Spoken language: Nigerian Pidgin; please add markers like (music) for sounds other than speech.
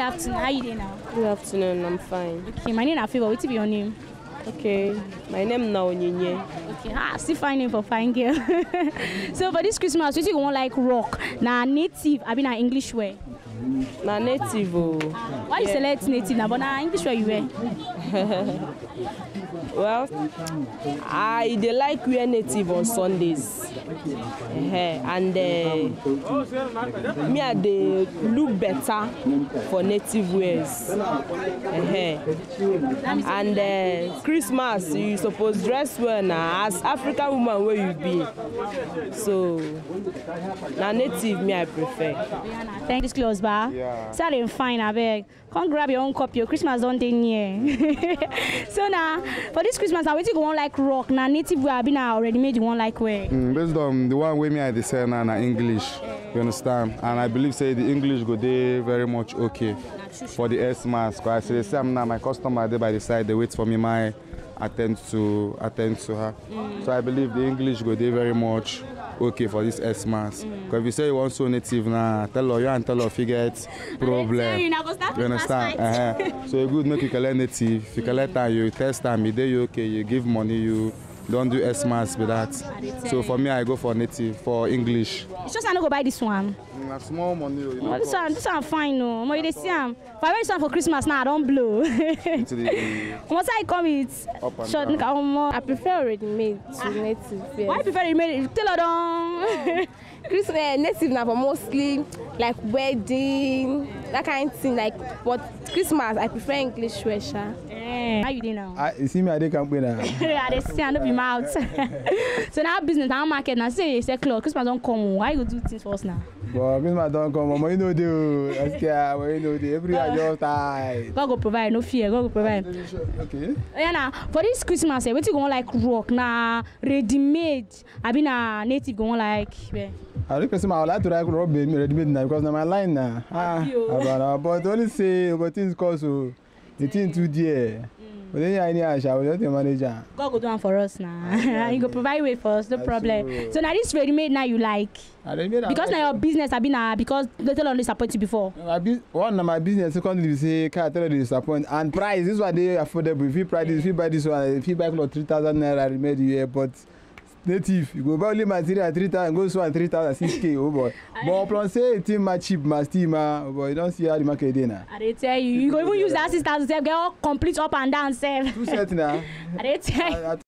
Good afternoon. How you doing now? Good afternoon. I'm fine. Okay, my name is Afiba. What's your name? Okay, my name now Onyinye. Okay, ah, still fine name for fine girl. (laughs) so for this Christmas, what you want like rock? Now native, I mean our English way. na native o. why you select native na but na english wey you wear. (laughs) well i dey like wear native on sundays uh, and uh, me i dey look better for native wears uh, and uh, christmas you suppose dress well na as african woman wey you be so na native me i prefer. thank you close by. Baba. Yeah. So I'm fine, I beg. Come grab your own copy. Christmas don't dey near. (laughs) so now, for this Christmas, now wetin go one like rock. Now native we have been already made one like way. Mm, based on the one way me I dey now na English. You understand? And I believe say the English go dey very much okay for the S-mass. Cause I say, say I'm now my customer dey by the side. They wait for me my attend to attend to her. Mm. So I believe the English go dey very much okay for this Xmas. Mm. Because if you say you want so native now, nah, tell her you and tell her if you get problem. you, you understand? Uh -huh. so you good make you collect native. If you collect time, mm. you test time, you day you okay, you give money, you Don't do s maths be that so for me i go for native for english it's just i don't go buy this one mm, na small money oh, you know this one this one fine No, oh. I'm you dey see him. if i wear this one for christmas now i don't blow omo say (laughs) i come with short nika i prefer ready made to native yes why prefer ready made tailor don't. (laughs) Christmas, uh, native now for mostly like wedding that kind of thing like but Christmas I prefer English wear sha. Eh, how you dey now? Ah, you see me I dey kampe na. (laughs) I dey see I no be mouth. (laughs) so now business na market now say you sell cloth Christmas don't come oh. Why you do things for us now? but miss man don come money no dey o oh. gaskiya money no dey everywhere i just tight. god go provide no fear god go provide. okay. Oh, yeah, na for this christmas eh, wetin go wan like rock na ready made abi na native go wan like. Yeah. I think person I would like to like rock ready made na because na my line na. ah oh. but only say but things cost o. So the thing too dear. But then yeah, any Asha, we the manager. God go do one for us now. He (laughs) you go provide way for us, no problem. So now this ready made now you like. because now your business have been uh, because they tell on disappoint you before. one of my business, secondly, you say car tell you disappoint and price. This is what they affordable. If you price, yeah. buy this one, if you buy clothes three thousand naira, I made you here, but native you go buy only material three thousand go sell am three thousand six k oh boy but upon say the thing ma cheap ma still ma oh boy you don see how the market dey na. i dey tell you you go even use that six thousand sef get all complete up and down sef. two set na. (laughs) i dey tell you.